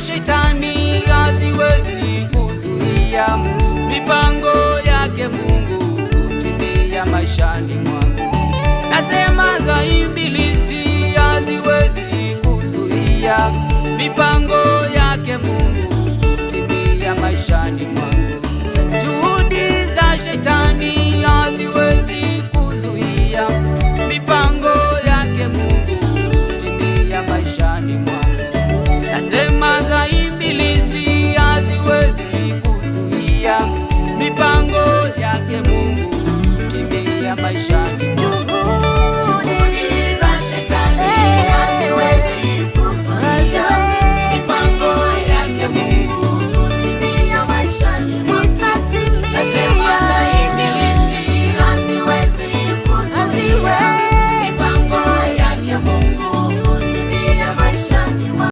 shetani haziwezi kuzuia mipango yake Mungu kutimia maishani mwangu. Nasema za imbilisi haziwezi kuzuia mipango ya